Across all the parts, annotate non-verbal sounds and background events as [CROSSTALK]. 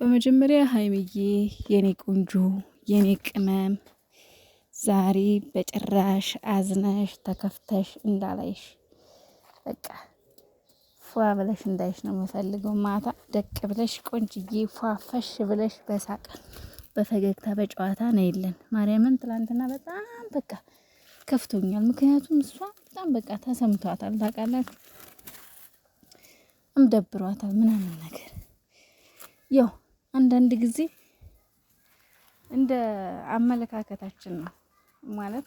በመጀመሪያ ሀይምዬ የኔ ቆንጆ የኔ ቅመም ዛሬ በጭራሽ አዝነሽ ተከፍተሽ እንዳላይሽ በቃ ፏ ብለሽ እንዳይሽ ነው የምፈልገው። ማታ ደቅ ብለሽ ቆንጅዬ ፏፈሽ ብለሽ በሳቅ በፈገግታ በጨዋታ ነው የለን። ማርያምን ትላንትና በጣም በቃ ከፍቶኛል። ምክንያቱም እሷ በጣም በቃ ተሰምቷታል፣ ታውቃላችሁ፣ እምደብሯታል ምናምን ነገር ያው አንዳንድ ጊዜ እንደ አመለካከታችን ነው ማለት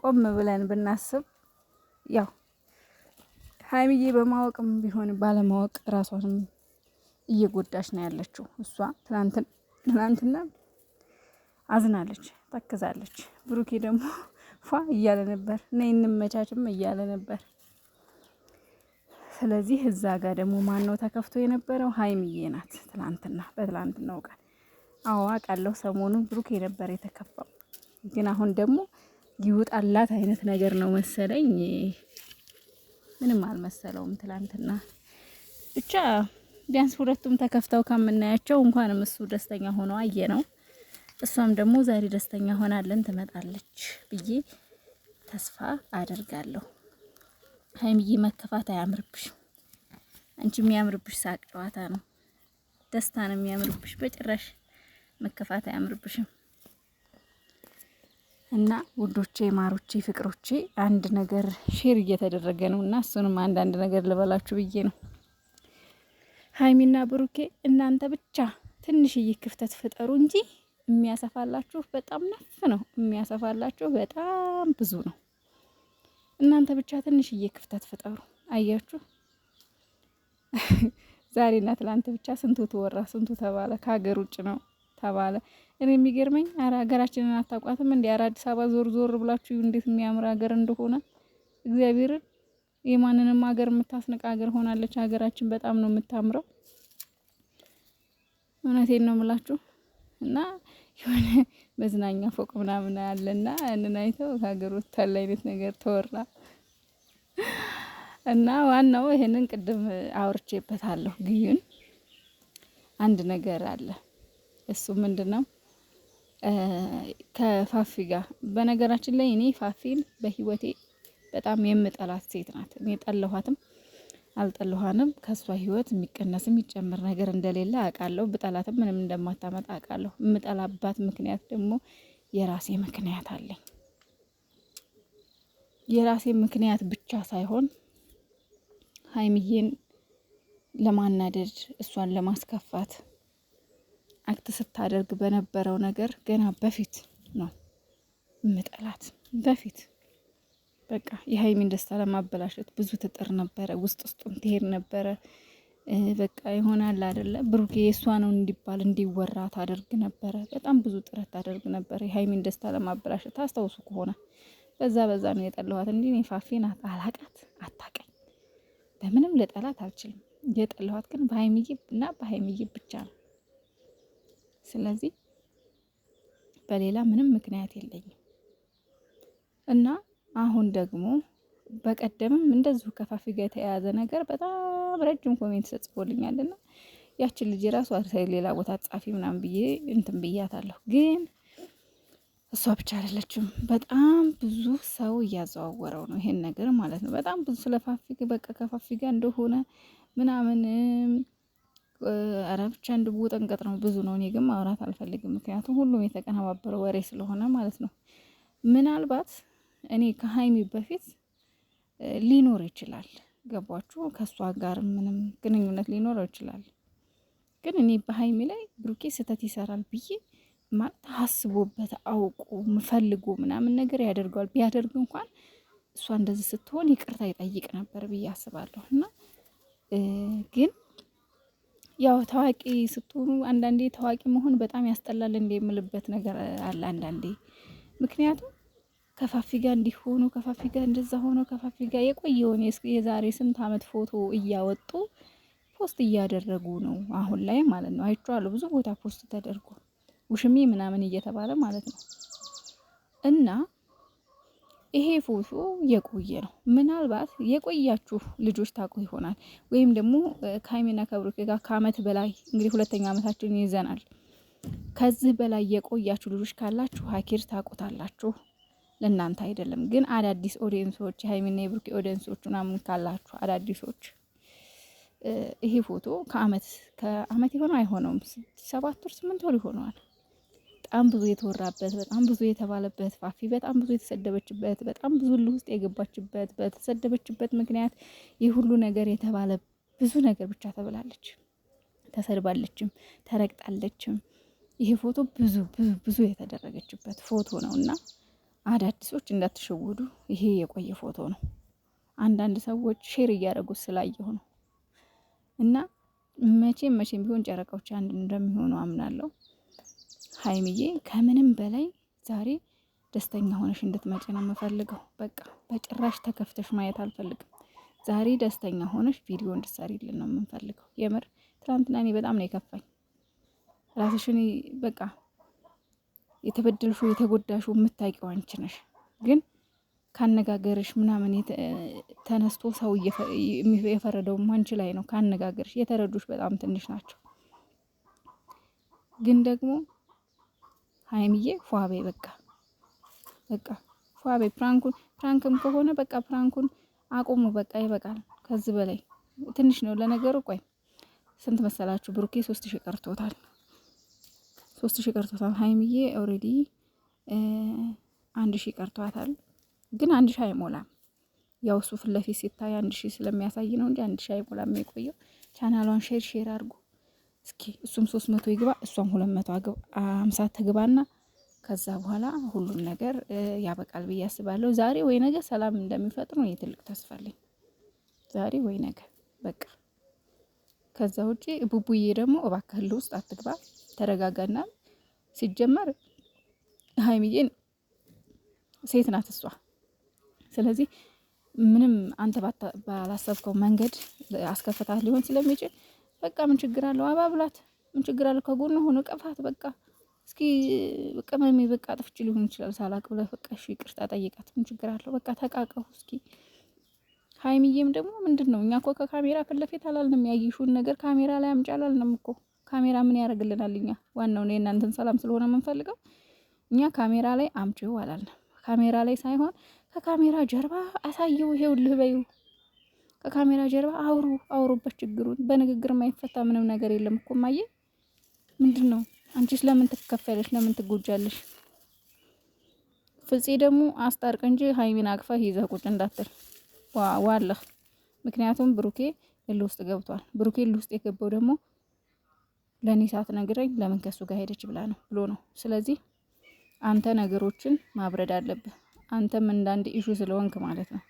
ቆም ብለን ብናስብ ያው ሀይሚዬ በማወቅም ቢሆን ባለማወቅ ራሷንም እየጎዳች ነው ያለችው። እሷ ትናንትና አዝናለች፣ ተክዛለች። ብሩኬ ደግሞ ፏ እያለ ነበር፣ ነይ እንመቻችም እያለ ነበር። ስለዚህ እዛ ጋር ደግሞ ማን ነው ተከፍቶ የነበረው? ሀይሚዬ ናት። ትላንትና በትላንትናው ቀን አዋ ቃለው ሰሞኑን ብሩክ የነበረ የተከፋው ግን አሁን ደግሞ ይውጣላት አይነት ነገር ነው መሰለኝ። ምንም አልመሰለውም። ትላንትና ብቻ ቢያንስ ሁለቱም ተከፍተው ከምናያቸው እንኳንም እሱ ደስተኛ ሆኖ አየ ነው እሷም ደግሞ ዛሬ ደስተኛ ሆናለን ትመጣለች ብዬ ተስፋ አደርጋለሁ። ሀይምዬ መከፋት አያምርብሽም። አንቺ የሚያምርብሽ ሳቅ ጨዋታ ነው፣ ደስታ ነው የሚያምርብሽ። በጭራሽ መከፋት አያምርብሽም። እና ውዶቼ፣ ማሮቼ፣ ፍቅሮቼ አንድ ነገር ሼር እየተደረገ ነው እና እሱንም አንዳንድ ነገር ልበላችሁ ብዬ ነው። ሀይሚና ብሩኬ እናንተ ብቻ ትንሽዬ ክፍተት ፍጠሩ እንጂ የሚያሰፋላችሁ በጣም ነፍ ነው። የሚያሰፋላችሁ በጣም ብዙ ነው። እናንተ ብቻ ትንሽዬ ክፍተት ፍጠሩ። አያችሁ፣ [LAUGHS] ዛሬና ትላንት ብቻ ስንቱ ተወራ፣ ስንቱ ተባለ። ከሀገር ውጭ ነው ተባለ። እኔ የሚገርመኝ አረ ሀገራችንን አታውቋትም እንዲ አረ አዲስ አበባ ዞር ዞር ብላችሁ እንዴት የሚያምር ሀገር እንደሆነ እግዚአብሔርን የማንንም ሀገር የምታስንቅ ሀገር ሆናለች ሀገራችን። በጣም ነው የምታምረው። እውነቴን ነው የምላችሁ እና የሆነ መዝናኛ ፎቅ ምናምን አለና ያንን አይተው ከሀገር ወታል አይነት ነገር ተወራ እና ዋናው ይሄንን ቅድም አውርቼበታለሁ። ግዩን አንድ ነገር አለ። እሱ ምንድን ነው? ከፋፊ ጋር በነገራችን ላይ እኔ ፋፊን በህይወቴ በጣም የምጠላት ሴት ናት። እኔ ጠለኋትም አልጠልኋንም። ከእሷ ህይወት የሚቀነስ የሚጨምር ነገር እንደሌለ አውቃለሁ። ብጠላትም ምንም እንደማታመጣ አውቃለሁ። የምጠላባት ምክንያት ደግሞ የራሴ ምክንያት አለኝ። የራሴ ምክንያት ብቻ ሳይሆን ሀይሚዬን ለማናደድ እሷን ለማስከፋት አክት ስታደርግ በነበረው ነገር ገና በፊት ነው የምጠላት በፊት በቃ የሀይሚን ደስታ ለማበላሸት ብዙ ትጥር ነበረ፣ ውስጥ ውስጡን ትሄድ ነበረ። በቃ ይሆናል አደለ ብሩኬ የእሷ ነው እንዲባል እንዲወራ ታደርግ ነበረ። በጣም ብዙ ጥረት ታደርግ ነበረ የሀይሚን ደስታ ለማበላሸት። ታስታውሱ ከሆነ በዛ በዛ ነው የጠለኋት። እንዲ ፋፌን አላቃት፣ አታቀኝ፣ በምንም ልጠላት አልችልም። የጠለኋት ግን በሀይሚዬ እና በሀይሚዬ ብቻ ነው። ስለዚህ በሌላ ምንም ምክንያት የለኝም እና አሁን ደግሞ በቀደምም እንደዚሁ ከፋፊ ጋር የተያያዘ ነገር በጣም ረጅም ኮሜንት ተጽፎልኛልና ያችን ልጅ የራሱ ሌላ ቦታ ጻፊ ምናምን ብዬ እንትን ብያታለሁ። ግን እሷ ብቻ አይደለችም። በጣም ብዙ ሰው እያዘዋወረው ነው ይሄን ነገር ማለት ነው። በጣም ብዙ ስለ ፋፊ በቃ ከፋፊ ጋር እንደሆነ ምናምን አረብቻ ብቻ ጠንቀጥ ነው ብዙ ነው። እኔ ግን ማውራት አልፈልግም፣ ምክንያቱም ሁሉም የተቀነባበረ ወሬ ስለሆነ ማለት ነው ምናልባት እኔ ከሀይሚ በፊት ሊኖር ይችላል። ገባችሁ? ከእሷ ጋር ምንም ግንኙነት ሊኖረው ይችላል። ግን እኔ በሀይሚ ላይ ብሩኬ ስህተት ይሰራል ብዬ ማለት ታስቦበት አውቆ ምፈልጎ ምናምን ነገር ያደርገዋል። ቢያደርግ እንኳን እሷ እንደዚህ ስትሆን ይቅርታ ይጠይቅ ነበር ብዬ አስባለሁ። እና ግን ያው ታዋቂ ስትሆኑ አንዳንዴ ታዋቂ መሆን በጣም ያስጠላል እንደ የምልበት ነገር አለ አንዳንዴ ምክንያቱም ከፋፊ ጋር እንዲሆኑ ከፋፊ ጋር እንደዛ ሆኖ ከፋፊ ጋር የቆየውን የዛሬ ስንት አመት ፎቶ እያወጡ ፖስት እያደረጉ ነው አሁን ላይ ማለት ነው። አይቼዋለሁ ብዙ ቦታ ፖስት ተደርጎ ውሽሜ ምናምን እየተባለ ማለት ነው። እና ይሄ ፎቶ የቆየ ነው። ምናልባት የቆያችሁ ልጆች ታውቁ ይሆናል ወይም ደግሞ ከሀይሜና ከብሩኬ ጋር ከአመት በላይ እንግዲህ ሁለተኛ ዓመታችንን ይዘናል። ከዚህ በላይ የቆያችሁ ልጆች ካላችሁ ሀኪር ታውቁታላችሁ። ለእናንተ አይደለም። ግን አዳዲስ ኦዲየንሶች የሀይሚና የብሩኬ ኦዲየንሶች ምናምን ካላችሁ አዳዲሶች ይሄ ፎቶ ከአመት ከአመት የሆነው አይሆነውም ሰባት ወር ስምንት ወር ይሆነዋል። በጣም ብዙ የተወራበት በጣም ብዙ የተባለበት ፋፊ በጣም ብዙ የተሰደበችበት በጣም ብዙ ሁሉ ውስጥ የገባችበት በተሰደበችበት ምክንያት ይህ ሁሉ ነገር የተባለ ብዙ ነገር ብቻ ተብላለች፣ ተሰድባለችም፣ ተረግጣለችም። ይሄ ፎቶ ብዙ ብዙ ብዙ የተደረገችበት ፎቶ ነው እና አዳዲሶች እንዳትሸወዱ። ይሄ የቆየ ፎቶ ነው። አንዳንድ ሰዎች ሼር እያደረጉት ስላየሁ ነው። እና መቼም መቼም ቢሆን ጨረቃዎች አንድ እንደሚሆኑ አምናለሁ። ሀይሚዬ ከምንም በላይ ዛሬ ደስተኛ ሆነሽ እንድትመጪ ነው የምፈልገው። በቃ በጭራሽ ተከፍተሽ ማየት አልፈልግም። ዛሬ ደስተኛ ሆነሽ ቪዲዮ እንድትሰሪልን ነው የምንፈልገው። የምር ትናንትና እኔ በጣም ነው የከፋኝ። ራስሽን በቃ የተበደልሹ የተጎዳሹ የምታውቂው አንቺ ነሽ። ግን ካነጋገርሽ ምናምን ተነስቶ ሰው የፈረደው አንቺ ላይ ነው። ካነጋገርሽ የተረዱሽ በጣም ትንሽ ናቸው። ግን ደግሞ ሀይምዬ ፏቤ በቃ በቃ ፏቤ ፕራንኩን ፕራንክም ከሆነ በቃ ፕራንኩን አቁሙ። በቃ ይበቃል። ከዚህ በላይ ትንሽ ነው ለነገሩ። ቆይ ስንት መሰላችሁ? ብሩኬ ሶስት ሺ ቀርቶታል። ሶስት ሺህ ቀርቶታል ሀይምዬ ኦልሬዲ አንድ ሺህ ቀርቷታል፣ ግን አንድ ሺህ አይሞላም። ያው እሱ ፊት ለፊት ሲታይ አንድ ሺህ ስለሚያሳይ ነው እንጂ አንድ ሺህ አይሞላም የቆየው። ቻናሏን ሼር ሼር አድርጉ እስኪ እሱም ሶስት መቶ ይግባ እሷም ሁለት መቶ አምሳ ትግባና ከዛ በኋላ ሁሉም ነገር ያበቃል ብዬ አስባለሁ። ዛሬ ወይ ነገ ሰላም እንደሚፈጥሩ ነው ትልቅ ተስፋ አለኝ። ዛሬ ወይ ነገ በቃ። ከዛ ውጪ ቡቡዬ ደግሞ እባክህ ውስጥ አትግባ። ተረጋጋና ሲጀመር ሀይሚዬን ሴት ናት እሷ። ስለዚህ ምንም አንተ ባላሰብከው መንገድ አስከፍታት ሊሆን ስለሚችል በቃ ምን ችግር አለው? አባብላት፣ ምን ችግር አለው? ከጎን ሆኖ ቀፋት። በቃ እስኪ ቅመሜ፣ በቃ ጥፍጭ ሊሆን ይችላል ሳላቅ ብለህ በቃ እሺ፣ ይቅርታ ጠይቃት። ምን ችግር አለው? በቃ ተቃቀፉ እስኪ። ሀይሚዬም ደግሞ ምንድን ነው እኛ እኮ ከካሜራ ፊት ለፊት አላልንም፣ ያየሽውን ነገር ካሜራ ላይ አምጪ አላልንም እኮ ካሜራ ምን ያደርግልናል? እኛ ዋናው ነው የእናንተን ሰላም ስለሆነ የምንፈልገው እኛ ካሜራ ላይ አምጪ አላለም። ካሜራ ላይ ሳይሆን ከካሜራ ጀርባ አሳየው፣ ይሄውልህ በይው። ከካሜራ ጀርባ አውሩ፣ አውሩበት ችግሩን። በንግግር የማይፈታ ምንም ነገር የለም እኮ ማየ። ምንድን ነው አንቺስ? ለምን ትከፈለሽ? ለምን ትጎጃለሽ? ፍፄ ደግሞ አስታርቅ እንጂ ሀይሚን አቅፈህ ይዘህ ቁጭ እንዳትል ዋለህ። ምክንያቱም ብሩኬ እል ውስጥ ገብቷል። ብሩኬ እል ውስጥ የገባው ደግሞ ለእኔ ሳትነግረኝ ለምን ከሱ ጋር ሄደች ብላ ነው ብሎ ነው። ስለዚህ አንተ ነገሮችን ማብረድ አለብህ። አንተም እንዳንድ ኢሹ ስለሆንክ ማለት ነው።